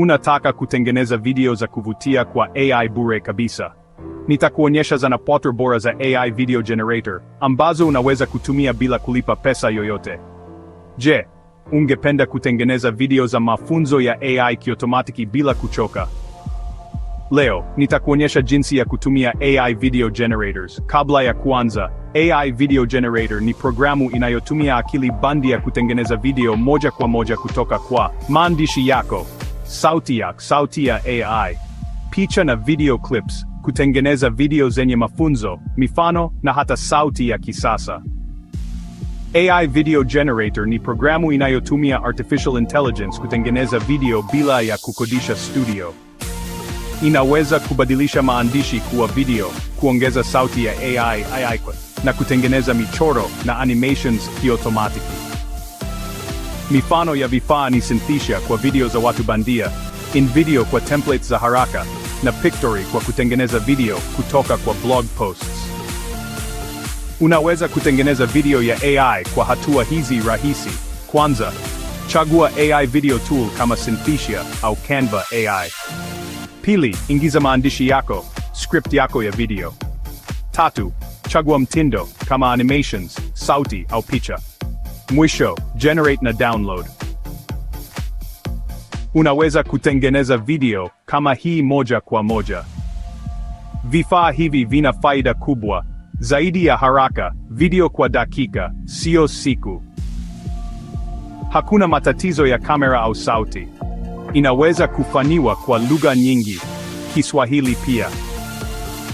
Unataka kutengeneza video za kuvutia kwa AI bure kabisa? Nitakuonyesha potter bora za AI video generator ambazo unaweza kutumia bila kulipa pesa yoyote. Je, ungependa kutengeneza video za mafunzo ya AI kiotomatiki bila kuchoka? Leo nitakuonyesha jinsi ya kutumia AI video generators. Kabla ya kuanza, AI video generator ni programu inayotumia akili bandia kutengeneza video moja kwa moja kutoka kwa maandishi yako sauti ya sauti ya AI, picha na video clips, kutengeneza video zenye mafunzo, mifano na hata sauti ya kisasa. AI Video Generator ni programu inayotumia artificial intelligence kutengeneza video bila ya kukodisha studio. Inaweza kubadilisha maandishi kuwa video, kuongeza sauti ya AI AI na kutengeneza michoro na animations kiotomatiki. Mifano ya vifaa ni Synthesia kwa video za watu bandia, InVideo kwa templates za haraka na Pictory kwa kutengeneza video kutoka kwa blog posts. Unaweza kutengeneza video ya AI kwa hatua hizi rahisi. Kwanza, chagua AI video tool kama Synthesia au Canva AI. Pili, ingiza maandishi yako, script yako ya video. Tatu, chagua mtindo kama animations, sauti au picha. Mwisho, generate na download. Unaweza kutengeneza video kama hii moja kwa moja. Vifaa hivi vina faida kubwa zaidi ya haraka, video kwa dakika, sio siku. Hakuna matatizo ya kamera au sauti. Inaweza kufanywa kwa lugha nyingi, Kiswahili pia.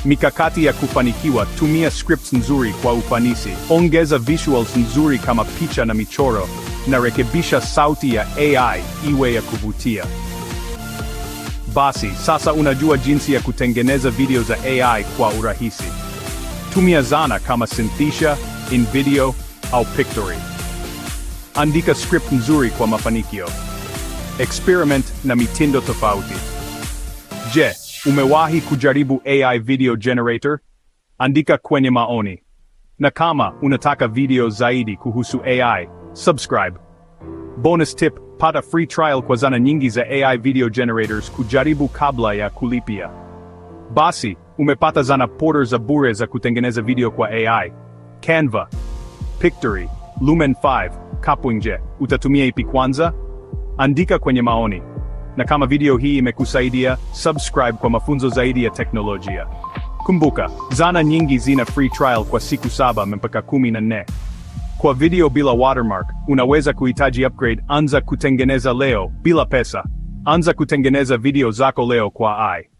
Mikakati ya kufanikiwa: tumia scripts nzuri kwa ufanisi, ongeza visuals nzuri kama picha na michoro, na rekebisha sauti ya AI iwe ya kuvutia. Basi sasa unajua jinsi ya kutengeneza video za AI kwa urahisi. Tumia zana kama Synthesia, InVideo au Pictory. Andika script nzuri kwa mafanikio. Experiment na mitindo tofauti. Je, Umewahi kujaribu AI video generator? Andika kwenye maoni. Na kama unataka video zaidi kuhusu AI, subscribe. Bonus tip, pata free trial kwa zana nyingi za AI video generators kujaribu kabla ya kulipia. Basi, umepata zana porter za bure za kutengeneza video kwa AI. Canva, Pictory, Lumen 5, Kapwinje, utatumia ipi kwanza? Andika kwenye maoni na kama video hii imekusaidia, subscribe kwa mafunzo zaidi ya teknolojia. Kumbuka, zana nyingi zina free trial kwa siku saba mpaka kumi na nne. Kwa video bila watermark, unaweza kuhitaji upgrade. Anza kutengeneza leo bila pesa. Anza kutengeneza video zako leo kwa AI.